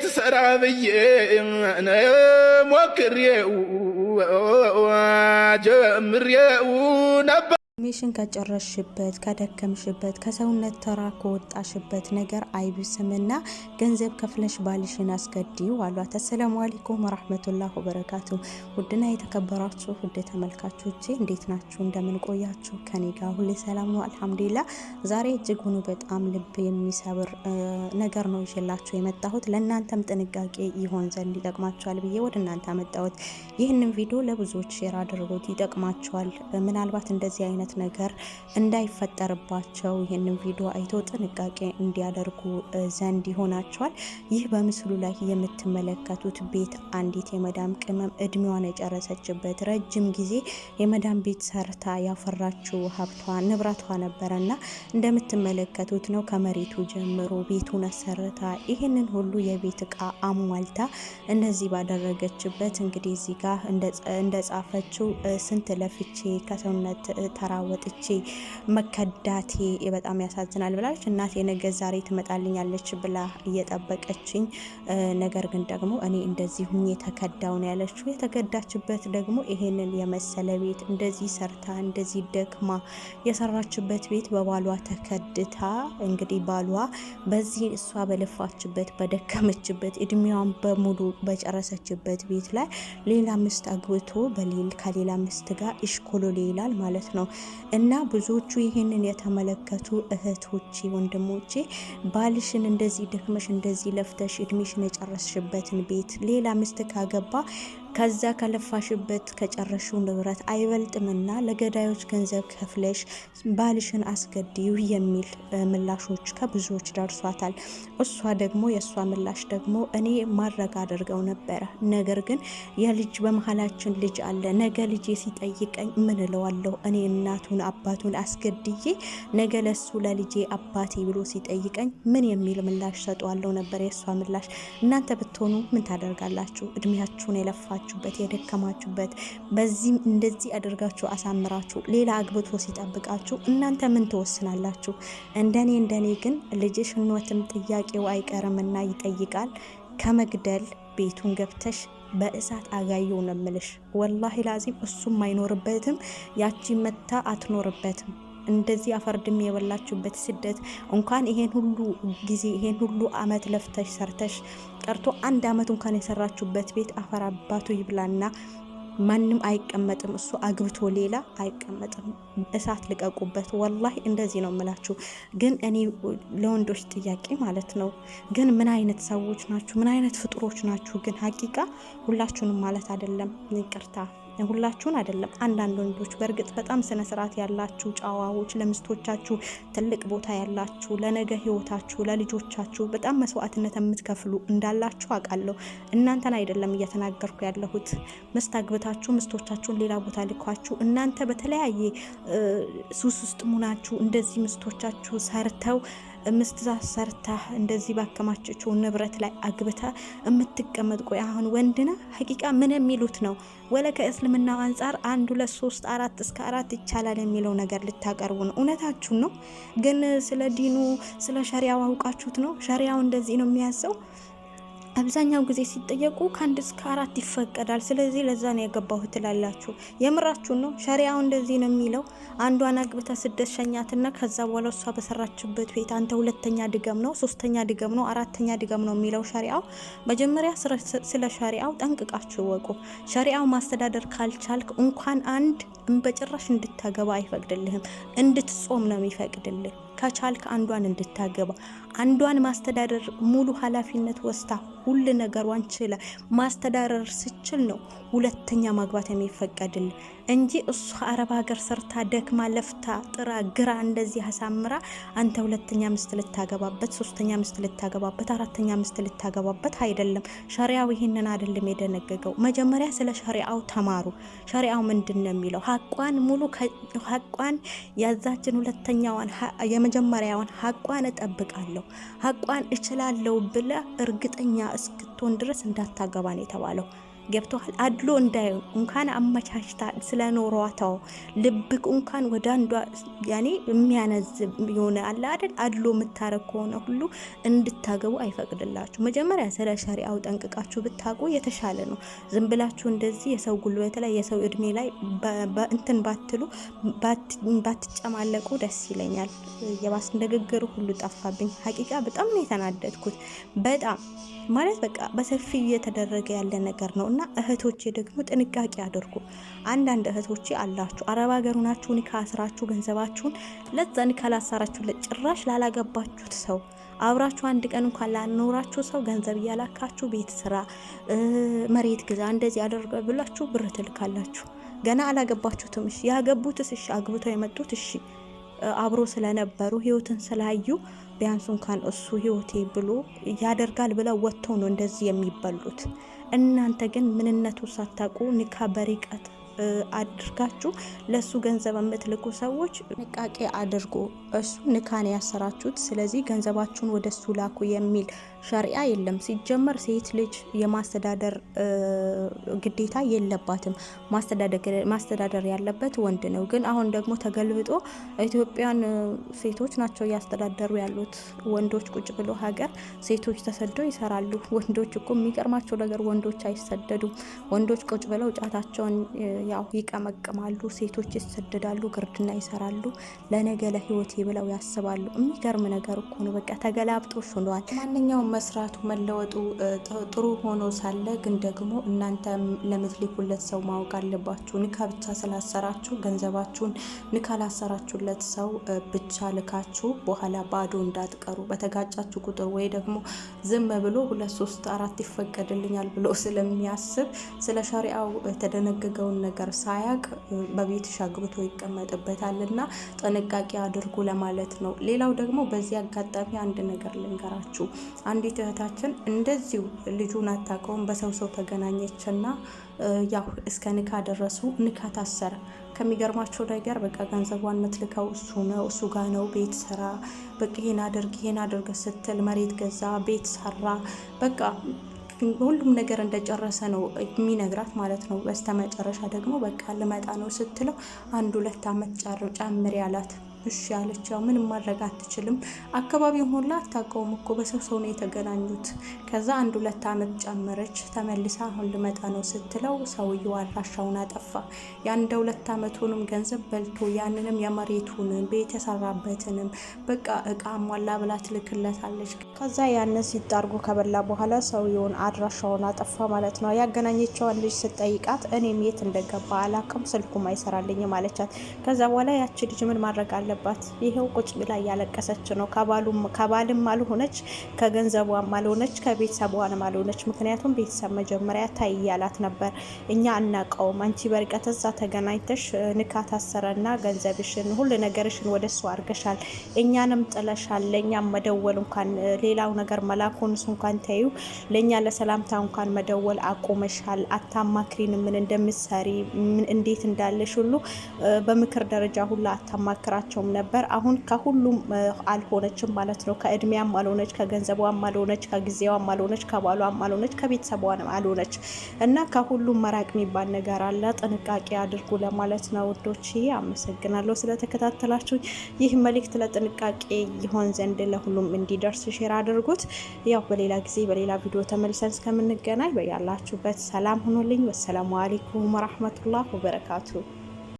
ትሰራ ብዬ ሞክሬው ጀምሬው ነበር። ሜሽን ከጨረሽበት ከደከምሽበት ከሰውነት ተራ ከወጣሽበት ነገር አይብስምና ገንዘብ ከፍለሽ ባልሽን አስገድዩ አሏት። አሰላሙ አለይኩም ወራህመቱላህ ወበረካቱ። ውድና የተከበራችሁ ውድ ተመልካቾቼ እንዴት ናችሁ? እንደምን ቆያችሁ? ከኔ ጋር ሁሌ ሰላም ነው አልሐምዱሊላ። ዛሬ እጅግ ሆኖ በጣም ልብ የሚሰብር ነገር ነው ይዤላችሁ የመጣሁት። ለእናንተም ጥንቃቄ ይሆን ዘንድ ይጠቅማችኋል ብዬ ወደ እናንተ አመጣሁት። ይህንን ቪዲዮ ለብዙዎች ሼር አድርጎት ይጠቅማችኋል። ምናልባት እንደዚህ አይነት አይነት ነገር እንዳይፈጠርባቸው ይህንን ቪዲዮ አይቶ ጥንቃቄ እንዲያደርጉ ዘንድ ይሆናቸዋል። ይህ በምስሉ ላይ የምትመለከቱት ቤት አንዲት የመዳም ቅመም እድሜዋን የጨረሰችበት ረጅም ጊዜ የመዳም ቤት ሰርታ ያፈራችው ሀብቷ ንብረቷ ነበረ እና እንደምትመለከቱት ነው። ከመሬቱ ጀምሮ ቤቱን አሰርታ ይህንን ሁሉ የቤት እቃ አሟልታ እነዚህ ባደረገችበት እንግዲህ እዚህ ጋር እንደጻፈችው ስንት ለፍቼ ከሰውነት ተራ ወጥቼ መከዳቴ በጣም ያሳዝናል ብላለች። እናቴ ነገ ዛሬ ትመጣልኛለች ብላ እየጠበቀችኝ፣ ነገር ግን ደግሞ እኔ እንደዚህ ሁኜ ተከዳው ነው ያለችው። የተከዳችበት ደግሞ ይሄንን የመሰለ ቤት እንደዚህ ሰርታ እንደዚህ ደክማ የሰራችበት ቤት በባሏ ተከድታ እንግዲህ ባሏ በዚህ እሷ በለፋችበት በደከመችበት እድሜዋን በሙሉ በጨረሰችበት ቤት ላይ ሌላ ሚስት አግብቶ በሌል ከሌላ ሚስት ጋር እሽኮሎሌ ይላል ማለት ነው። እና ብዙዎቹ ይህንን የተመለከቱ እህቶቼ፣ ወንድሞቼ ባልሽን እንደዚህ ደክመሽ እንደዚህ ለፍተሽ እድሜሽን የጨረስሽበትን ቤት ሌላ ሚስት ካገባ ከዛ ከለፋሽበት ከጨረሽው ንብረት አይበልጥምና ለገዳዮች ገንዘብ ከፍለሽ ባልሽን አስገድዩ የሚል ምላሾች ከብዙዎች ደርሷታል። እሷ ደግሞ የእሷ ምላሽ ደግሞ እኔ ማድረግ አድርገው ነበረ፣ ነገር ግን የልጅ በመሀላችን ልጅ አለ። ነገ ልጄ ሲጠይቀኝ ምን እለዋለሁ? እኔ እናቱን አባቱን አስገድዬ ነገ ለሱ ለልጄ አባቴ ብሎ ሲጠይቀኝ ምን የሚል ምላሽ ሰጠዋለሁ ነበር የእሷ ምላሽ። እናንተ ብትሆኑ ምን ታደርጋላችሁ? እድሜያችሁን የለፋ የለፋችሁበት የደከማችሁበት በዚህም እንደዚህ አድርጋችሁ አሳምራችሁ ሌላ አግብቶ ሲጠብቃችሁ እናንተ ምን ትወስናላችሁ? እንደኔ እንደኔ ግን ልጅሽ ኖትም ጥያቄው አይቀርምና ይጠይቃል ከመግደል ቤቱን ገብተሽ በእሳት አጋየው ነው ምልሽ። ወላሂ ላዚም እሱም አይኖርበትም፣ ያቺ መታ አትኖርበትም። እንደዚህ አፈርድም የበላችሁበት ስደት እንኳን ይሄን ሁሉ ጊዜ ይሄን ሁሉ አመት ለፍተሽ ሰርተሽ ቀርቶ አንድ አመት እንኳን የሰራችሁበት ቤት አፈር አባቱ ይብላና ማንም አይቀመጥም። እሱ አግብቶ ሌላ አይቀመጥም። እሳት ልቀቁበት። ወላሂ እንደዚህ ነው የምላችሁ። ግን እኔ ለወንዶች ጥያቄ ማለት ነው፣ ግን ምን አይነት ሰዎች ናችሁ? ምን አይነት ፍጡሮች ናችሁ? ግን ሀቂቃ ሁላችሁንም ማለት አይደለም፣ ይቅርታ ሁላችሁን አይደለም፣ አንዳንድ ወንዶች በእርግጥ በጣም ስነ ስርዓት ያላችሁ ጨዋዎች፣ ለምስቶቻችሁ ትልቅ ቦታ ያላችሁ፣ ለነገ ህይወታችሁ፣ ለልጆቻችሁ በጣም መስዋዕትነት የምትከፍሉ እንዳላችሁ አውቃለሁ። እናንተን አይደለም እየተናገርኩ ያለሁት። ሚስት አግብታችሁ ሌላ ቦታ ልኳችሁ እናንተ በተለያየ ሱስ ውስጥ ሙናችሁ እንደዚህ ምስቶቻችሁ ሰርተው ምስትዛ ሰርታ እንደዚህ ባከማቸችው ንብረት ላይ አግብታ የምትቀመጥ ቆይ አሁን ወንድና ሀቂቃ ምን የሚሉት ነው? ወለ ከእስልምናው አንጻር አንድ ሁለት ሶስት አራት እስከ አራት ይቻላል የሚለው ነገር ልታቀርቡ ነው። እውነታችሁን ነው፣ ግን ስለ ዲኑ ስለ ሸሪያው አውቃችሁት ነው። ሸሪያው እንደዚህ ነው የሚያዘው አብዛኛው ጊዜ ሲጠየቁ ከአንድ እስከ አራት ይፈቀዳል፣ ስለዚህ ለዛ ነው የገባሁት ትላላችሁ። የምራችሁ ነው። ሸሪያው እንደዚህ ነው የሚለው። አንዷን አግብታ ስደት ሸኛትና ከዛ በኋላ እሷ በሰራችበት ቤት አንተ ሁለተኛ ድገም ነው፣ ሶስተኛ ድገም ነው፣ አራተኛ ድገም ነው የሚለው ሸሪያው። መጀመሪያ ስለ ሸሪያው ጠንቅቃችሁ ወቁ። ሸሪያው ማስተዳደር ካልቻልክ እንኳን አንድ በጭራሽ እንድታገባ አይፈቅድልህም፣ እንድትጾም ነው የሚፈቅድልህ። ከቻልክ አንዷን እንድታገባ አንዷን ማስተዳደር ሙሉ ኃላፊነት ወስታ ሁል ነገሯን ችለ ማስተዳደር ስችል ነው ሁለተኛ ማግባት የሚፈቀድል እንጂ እሱ አረብ ሀገር ሰርታ ደክማ ለፍታ ጥራ ግራ እንደዚህ አሳምራ አንተ ሁለተኛ ምስት ልታገባበት፣ ሶስተኛ ምስት ልታገባበት፣ አራተኛ ምስት ልታገባበት አይደለም። ሸሪያው ይህንን አይደለም የደነገገው። መጀመሪያ ስለ ሸሪያው ተማሩ። ሸሪያው ምንድን ነው የሚለው? ሀቋን ሙሉ ሀቋን ያዛችን ሁለተኛዋን የመጀመሪያውን ሀቋን እጠብቃለሁ ሀቋን እችላለሁ ብለ እርግጠኛ እስክትሆን ድረስ እንዳታገባ ነው የተባለው። ገብተዋል። አድሎ እንዳዩ እንኳን አመቻችታ ስለኖሯታው ልብቅ እንኳን ወደ አንዷ ያኔ የሚያነዝብ የሆነ አለ አይደል? አድሎ የምታረግ ከሆነ ሁሉ እንድታገቡ አይፈቅድላችሁ። መጀመሪያ ስለ ሸሪአው ጠንቅቃችሁ ብታውቁ የተሻለ ነው። ዝም ብላችሁ እንደዚህ የሰው ጉልበት ላይ የሰው እድሜ ላይ እንትን ባትሉ ባትጨማለቁ ደስ ይለኛል። የባስ ንግግር ሁሉ ጠፋብኝ። ሀቂቃ በጣም ነው የተናደድኩት። በጣም ማለት በቃ በሰፊ እየተደረገ ያለ ነገር ነው እና እና እህቶቼ ደግሞ ጥንቃቄ አድርጉ። አንዳንድ እህቶቼ አላችሁ አረብ ሀገር ሁናችሁ ኒካ አስራችሁ ገንዘባችሁን ለዛ ኒካ ላሳራችሁ ጭራሽ ላላገባችሁት ሰው አብራችሁ አንድ ቀን እንኳን ላኖራችሁ ሰው ገንዘብ እያላካችሁ ቤት ስራ፣ መሬት ግዛ፣ እንደዚህ አደርገ ብላችሁ ብር ትልካላችሁ። ገና አላገባችሁትም። እሺ ያገቡትስ? እሺ አግብተው የመጡት እሺ አብሮ ስለነበሩ ህይወትን ስላዩ ቢያንስ እንኳን እሱ ህይወቴ ብሎ ያደርጋል ብለው ወጥተው ነው እንደዚህ የሚበሉት። እናንተ ግን ምንነቱ ሳታውቁ ኒካ በርቀት አድርጋችሁ ለሱ ገንዘብ የምትልኩ ሰዎች ጥንቃቄ አድርጉ። እሱ ንካን ያሰራችሁት፣ ስለዚህ ገንዘባችሁን ወደ እሱ ላኩ የሚል ሸሪያ የለም። ሲጀመር ሴት ልጅ የማስተዳደር ግዴታ የለባትም። ማስተዳደር ያለበት ወንድ ነው። ግን አሁን ደግሞ ተገልብጦ ኢትዮጵያን ሴቶች ናቸው እያስተዳደሩ ያሉት። ወንዶች ቁጭ ብሎ ሀገር ሴቶች ተሰደው ይሰራሉ። ወንዶች እኮ የሚገርማቸው ነገር ወንዶች አይሰደዱም። ወንዶች ቁጭ ብለው ጫታቸውን ያው ይቀመቅማሉ፣ ሴቶች ይሰደዳሉ፣ ግርድና ይሰራሉ፣ ለነገ ለህይወቴ ብለው ያስባሉ። የሚገርም ነገር እኮ ነው። በቃ ተገላብጦ ሽሏል። ማንኛውም መስራቱ መለወጡ ጥሩ ሆኖ ሳለ ግን ደግሞ እናንተ ለምትልኩለት ሰው ማወቅ አለባችሁ። ንካ ብቻ ስላሰራችሁ ገንዘባችሁን ንካ ላሰራችሁለት ሰው ብቻ ልካችሁ በኋላ ባዶ እንዳትቀሩ። በተጋጫችሁ ቁጥር ወይ ደግሞ ዝም ብሎ ሁለት ሶስት አራት ይፈቀድልኛል ብሎ ስለሚያስብ ስለ ሸሪአው የተደነገገውን ነገር ሳያቅ ሻግብቶ ይቀመጥበታል ይቀመጥበታልና ጥንቃቄ አድርጉ ለማለት ነው። ሌላው ደግሞ በዚህ አጋጣሚ አንድ ነገር ልንገራችሁ አንዲት እህታችን እንደዚሁ ልጁን አታውቀውም በሰው ሰው ተገናኘችና ያው እስከ ንካ ደረሱ። ንካ ታሰረ። ከሚገርማቸው ነገር በቃ ገንዘቧን ምትልከው እሱ ነው እሱ ጋ ነው። ቤት ስራ በቃ ይሄን አድርግ ይሄን አድርግ ስትል መሬት ገዛ፣ ቤት ሰራ። በቃ ሁሉም ነገር እንደጨረሰ ነው የሚነግራት ማለት ነው። በስተመጨረሻ ደግሞ በቃ ልመጣ ነው ስትለው አንድ ሁለት አመት ጨምር ያላት እሺ አለች። ያው ምንም ማድረግ አትችልም። አካባቢውን ሁላ አታውቀውም እኮ በሰው ሰው ነው የተገናኙት። ከዛ አንድ ሁለት ዓመት ጨመረች። ተመልሳ አሁን ልመጣ ነው ስትለው ሰውየው አድራሻውን አጠፋ። የአንድ ሁለት ዓመቱንም ገንዘብ በልቶ ያንንም የመሬቱንም ቤት የሰራበትንም በቃ እቃ ሟላ ብላ ትልክለታለች። ከዛ ያንን ሲጣርጎ ከበላ በኋላ ሰውየውን አድራሻውን አጠፋ ማለት ነው። ያገናኘቸዋን ልጅ ስጠይቃት እኔም የት እንደገባ አላውቅም ስልኩም አይሰራልኝም አለቻት። ከዛ በኋላ ያቺ ልጅ ምን ማድረግ አለ አለባት። ይኸው ቁጭ ብላ እያለቀሰች ነው። ከባልም አልሆነች፣ ከገንዘቧም አልሆነች፣ ከቤተሰቧንም አልሆነች። ምክንያቱም ቤተሰብ መጀመሪያ ታይ እያላት ነበር። እኛ አናቀውም። አንቺ በርቀት እዛ ተገናኝተሽ ንካ ታሰረና ገንዘብሽን ሁሉ ነገርሽን ወደ እሱ አድርገሻል። እኛንም ጥለሻል። ለእኛም መደወል እንኳን ሌላው ነገር መላኮንስ እንኳን ተዩ፣ ለእኛ ለሰላምታ እንኳን መደወል አቁመሻል። አታማክሪን ምን እንደምትሰሪ እንዴት እንዳለሽ ሁሉ በምክር ደረጃ ሁሉ አታማክራቸው የላቸውም ነበር። አሁን ከሁሉም አልሆነችም ማለት ነው። ከእድሜያም አልሆነች፣ ከገንዘቧም አልሆነች፣ ከጊዜዋም አልሆነች፣ ከባሏም አልሆነች፣ ከቤተሰቧም አልሆነች እና ከሁሉም መራቅ የሚባል ነገር አለ። ጥንቃቄ አድርጉ ለማለት ነው ውዶች። አመሰግናለሁ ስለተከታተላችሁ። ይህ መልእክት ለጥንቃቄ ይሆን ዘንድ ለሁሉም እንዲደርስ ሼር አድርጉት። ያው በሌላ ጊዜ በሌላ ቪዲዮ ተመልሰን እስከምንገናኝ በያላችሁበት ሰላም ሁኑልኝ። ወሰላሙ አሌይኩም ወረህመቱላህ ወበረካቱ።